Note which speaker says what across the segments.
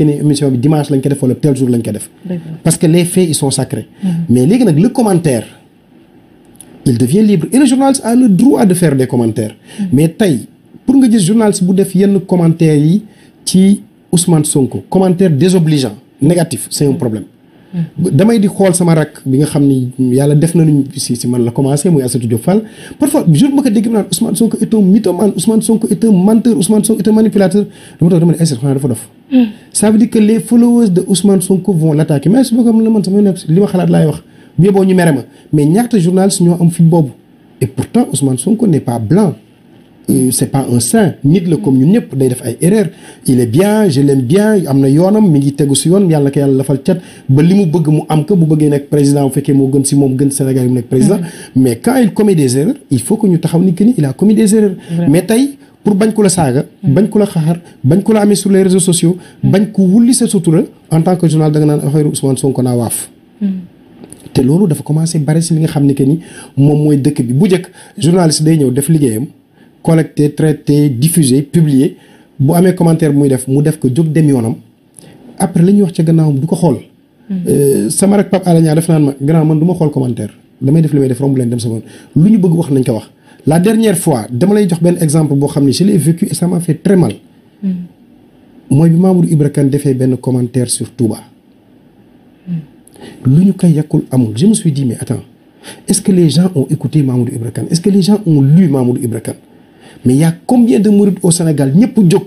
Speaker 1: fekkee ne émission bi dimanche lañ ko def wala tel jour lañ ko def. parce que les faits ils sont sacrés. Mm-hmm. mais léegi nag le commentaire il devient libre et le journaliste a le droit de faire des commentaires. Mm-hmm. mais tey pour nga gis journaliste bu def yenn commentaires yi ci Ousmane Sonko commentaire désobligeant négatif c'est un mm-hmm. problème. damay di xool sama rak bi nga xam ni yàlla def nañu si si man la commencé muy Assatou Diop Fall parfois jour ma ko dégg naan Ousmane Sonko est un mythomane Ousmane Sonko est un menteur Ousmane Sonko est un manipulateur dama toog dama ne ay xanaa dafa dof ça veut dire que les followers de Ousmane Sonko vont l'attaquer mais su booko la man sama nekk li ñoo am fit boobu et pourtant Ousmane Sonko n'est pas euh, nit la comme ñun ñëpp day def ay erreurs na yoonam mi ngi tegu si yoon yàlla na ko yàlla lafal cat ba li mu bëgg mu am ko bu bëggee nekk président bu fekkee moo gën si moom gën Sénégal yi mu nekk président mm-hmm. mais quand il commet des erreurs il faut que ñu taxaw ni que ni il a des erreurs mais tey pour bañ ku la saaga bañ ku la xaxar bañ ku la amee sur les réseaux sociaux bañ ku wulli sa sutura en tant que journal da nga naan affaire Ousmane Sonko naa waaf te loolu dafa commencé bari si li nga xam ne que ni moom mooy dëkk bi bu njëkk journaliste day ñëw def liggéeyam collecté traité diffusé publié bu amee commentaire bu muy def mu def ko jóg dem yoonam après la ñuy wax ca gannaawam du ko xool euh, sama rek Pape Alé Niang def naan ma gannaaw man ma xool commentaire damay def leen dem sama lu ñu bëgg wax nañ ko wax la dernière fois dama lay jox benn exemple boo xam ne je l'ai vécu et ça fait très mal mm. mooy bi Mamour Ibra Kane defee benn commentaire sur Touba mm. lu ñu koy yàqul amul je me suis dit mais attends est-ce que les gens ont écouté Mamour Ibra Kane est-ce que les gens ont lu Mamour Ibra Kane mais y combien de mourides au Sénégal ñëpp jóg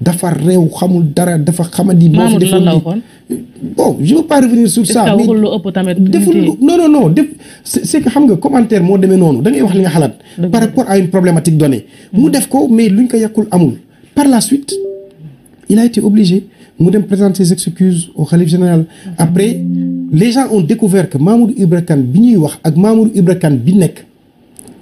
Speaker 1: dafa réew xamul dara dafa xamadi. moo fi defoon nii bon je veux pas revenir sur tamit. deful non non non xam nga commentaire moo demee noonu dangay wax li nga xalaat. par rapport à une problématique donnée. Hmm. mu def ko mais ñu ko yàqul amul. par la suite il a été obligé mu dem présenter ses excuses au khalife général. après les gens ont découvert que Mamoudou Ibra Kane bi ñuy wax ak Mamoudou Ibra Kane bi nekk.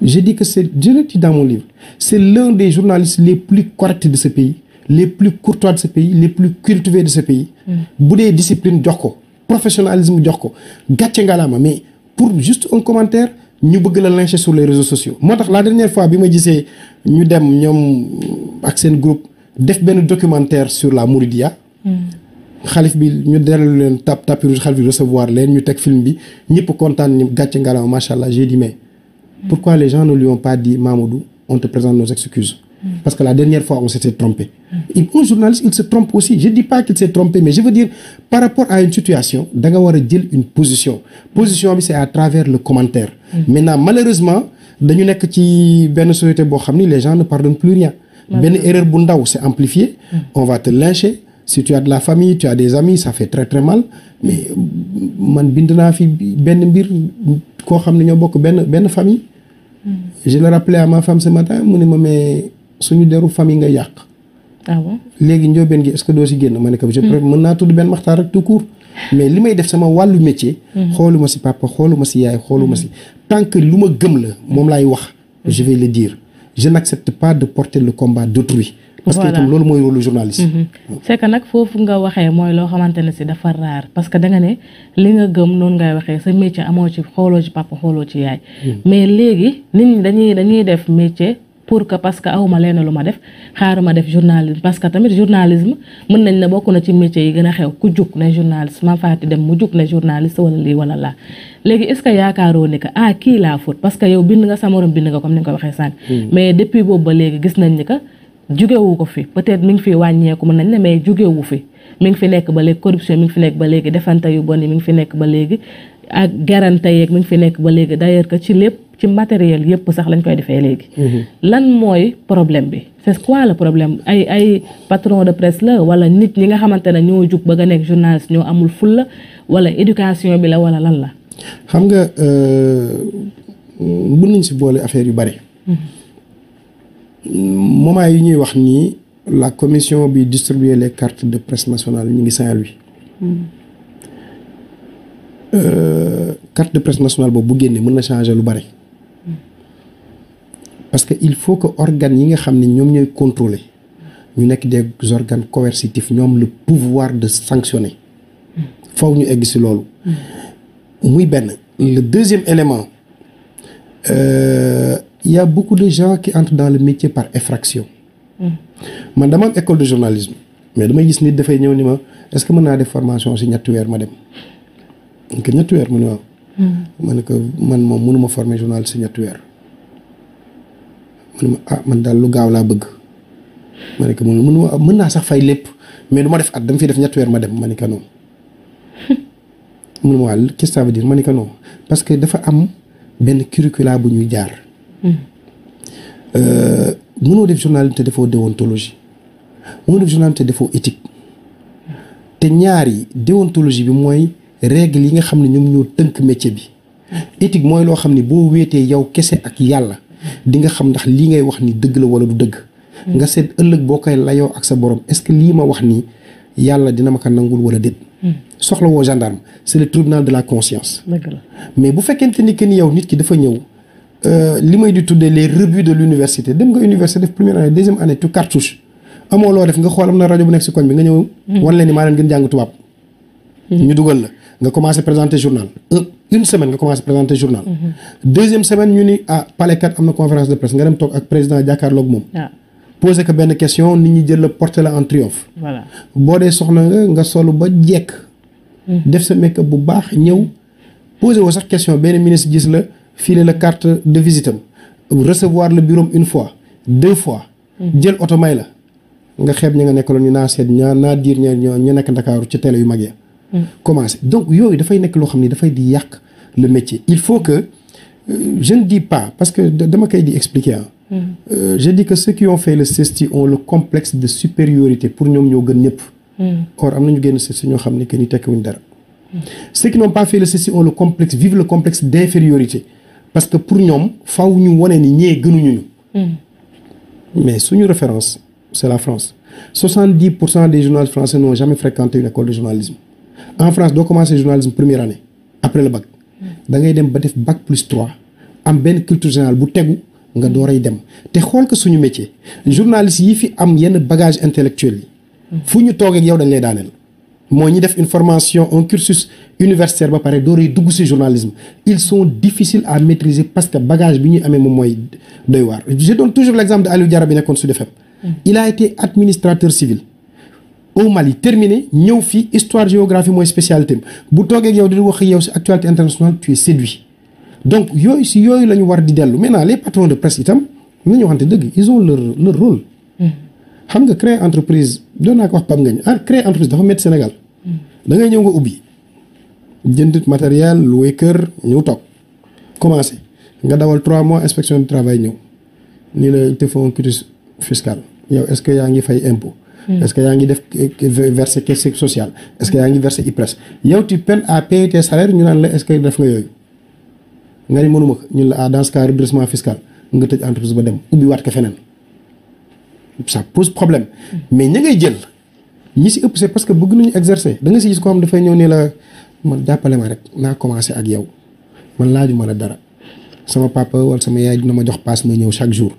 Speaker 1: j'ai dit que c'est je l'ai dit dans mon livre c'est l'un des journalistes les plus corrects de ce pays. les plus courtois de ce pays les plus cultivés de ce pays. Mm. bu dee discipline jox ko professionnalisme jox ko gàcce ngalaama mais pour juste un commentaire ñu bëgg la lyncher sur les réseaux sociaux. moo tax la dernière fois bi ma gisee ñu dem ñoom ak seen groupe def benn documentaire sur la Mouridia. Mm. xalif bi ñu deralu leen tap tapis rouge xalif bi recevoir leen ñu teg film bi ñëpp kontaan ñu gàcce ngalaama macha allah j'ai dit mais mm. pourquoi les gens ne lui ont Mm. Parce que la dernière fois, on s'était trompé. Il, mm. un journaliste, il se trompe aussi. Je ne dis pas qu'il s'est trompé, mais je veux dire, par rapport à une situation, Dangawara dit une position. Position, c'est à travers le commentaire. Mm. Maintenant, malheureusement, dans une société, les gens ne pardonnent plus rien. Ben erreur bunda c'est amplifié, on va te lyncher. Si tu as de la famille, tu as des amis, ça fait très très mal. Mais man bindana fi ben mbir bok ben ben famille. suñu deru famille nga yàq. Ah léegi njóobeen gi est que doo si génn ma ne ko. je hmm. mën naa tudd benn maxtaar rek tout mais li may def sama wàllu métier. Hmm. xooluma si papa xooluma si yaay xooluma si. Hmm. tant ma gëm la moom laay wax. je vais le je n'accepte pas de porter le combat d'autrui. parce que itam loolu mooy rôle journaliste. c'est foofu nga waxee mooy loo xamante ne si dafa raar que da ne li nga gëm noonu ngay waxee sa métier amoo ci xooloo ci papa xooloo ci yaay. mais léegi nit ñi dañuy dañuy def métier. pour que parce que awma leen lu ma def xaaruma def journalisme parce que tamit journalisme mën nañ ne bokk na ci métier yi gën a xew ku jug ne journaliste Mame Faty Deme mu jug ne journaliste wala lii wala laa léegi est ce que yaakaaroo ni que ah kii laa fóot parce que yow bind nga sa morom bind nga comme ni nga ko waxee sànq. Hmm. mais depuis boobu ba léegi gis nañ ni que jugewu ko fi peut être mi ngi fi wàññeeku mën nañ ne mais jugewu fi mi ngi fi nekk ba léegi corruption mi ngi fi nekk ba léegi bon yi mi fi nekk ba léegi ak garante yeeg mi ngi fi nekk ba léegi d'ailleurs que ci lépp ci matériel yëpp sax lañ koy defee léegi. Mm-hmm. lan mooy problème bi c'est quoi le problème ay ay patron de presse la wala nit ñi nga xamante ne ñoo jug ba nga nekk journaliste ñoo amul ful la wala éducation bi la wala lan la. xam nga euh, mën nañ si boole affaire yu bari. Mm-hmm. moment yi ñuy wax nii la commission bi distribuer les cartes de presse nationale ñu ngi Saint-Louis. Mm-hmm. Euh, carte de presse nationale boobu bu génnee mën na changer lu bari. parce que il faut que organes yi nga xam ne ñoom ñooy contrôler ñu nekk des organes coercitifs ñoom le pouvoir de sanctionner faw ñu egg si loolu muy benn le deuxième élément euh, il y a de gens qui entrent dans le métier par effraction man dama am école de journalisme mais damay gis nit dafay ñëw ni ma est-ce que mën naa def formation si ñetti weer ma dem que ñetti weer mu ne hmm. man moom mënuma former journaliste si ñetti weer mu ah man daal lu gaaw laa bëgg ma ne ko mën ma mën naa sax fay lépp mais du ma def at dama fi def ñetti ma dem man ne ko noonu mu ma waa qu'est-ce que ça ne ko noonu parce que dafa am benn curricula bu ñuy jaar. Hmm. Euh, mënoo def journalité defoo déontologie mënoo def journalité defoo éthique te ñaar déontologie bi mooy règle yi nga xam ne ñoom ñoo tënk métier bi éthique mooy loo xam ne boo wéetee yow kese ak yàlla. di xam ndax lii ngay wax ni dëgg la wala du dëgg nga seet ëllëg boo koy layoo ak sa borom est-ce que lii ma wax nii yàlla dina ma ko nangul wala déet hmm. soxla woo gendarme c'est le tribunal de la conscience mais bu fekkente ni que ni yow nit ki dafa ñëw euh, li may di tuddee les rebuts de l'université dem nga université def première année deuxième année tu cartouche amoo loo def nga xool na rajo bu nekk si koñ bi nga ñëw hmm. wan maa leen gën jàng tubaab hmm. une semaine nga commencé présenter journal. Mhm. deuxième semaine ñu ni ah, de presse nga dem toog ak président jàkkaarloog moom. Ah. posé ko ba jekk. Mhm. def sa make-up bu baax la filé la carte de visite am recevoir le bureau fois deux fois. Mhm. jël oto may la. nga xeeb ñi nga nekkaloon ni naa seet ñaa naa diir ña ñu nekk Ndakaaru ci télé yu mag ya. commencé donc yooyu dafay nekk loo xam ni dafay di yàq. le métier il faut que euh, je ne dis pas parce que dama koy di expliquer ah. je dis que ceux qui ont fait le CESTI ont le complexe de supériorité pour ñoom ñoo gën ñëpp. Mm. or am na ñu génn CESTI ñoo xam ni que ni tekkiwuñ dara. Mm. ceux qui n'ont pas fait le CESTI ont le complexe vivent le complexe d'infériorité parce que pour ñoom faw ñu wane ni ñee gënuñu ñu. mais suñu référence c'est la France soixante dix des journalistes français n'ont jamais fréquenté une école de journalisme da ngay dem ba def bac plus 3 am benn culture générale bu tegu nga dooray dem te xool ko suñu métier journaliste yi fi am yenn bagage intellectuel yi. fu ñu toogee ak yow dañ lay daaneel. moo ñi def une formation un cursus universitaire ba pare dooray dugg ci journalisme ils sont difficiles à maîtriser parce que bagage bi ñuy amee moom mooy doy waar. je donne toujours l'exemple de Aliou Diarra bi nekkoon su FM. Mm. il a été administrateur civil. au Mali terminé ñëw fi histoire géographie mooy spécialité bu toogee ak yow di wax yow si actualité internationale tu es séduit donc yooyu si yooyu la ñu war di dellu maintenant les patrons de presse itam nañu waxante dëgg ils mm. xam nga créer entreprise doon naa ko wax nga Ngagne ah créer entreprise dafa métti Sénégal. Mm. da ngay ñëw nga ubbi jënd matériel loué kër ñëw toog commencé nga dawal trois mois inspection du travail ñëw nii la te font un quitus fiscal yow est-ce que yaa ngi fay impôt. Hmm. est-ce que yaa ngi def eh, eh, verser caisse sociale est-ce que yaa ngi verser IPRES yow tu peines à payer tes ñu naan la est-ce que def nga yooyu nga ni mënuma ko ñun la ah dans ce cas redressement fiscal nga tëj entreprise ba dem ubbi waat ko feneen ça pose problème hmm. mais ña ngay jël ñi si ëpp c'est parce que bëgg nañu exercer da nga si gis ko xam dafay ñëw ne la man jàppale ma rek naa commencé ak yow man laaju ma la dara sama papa wal sama yaay dina ma jox paas ma ñëw chaque jour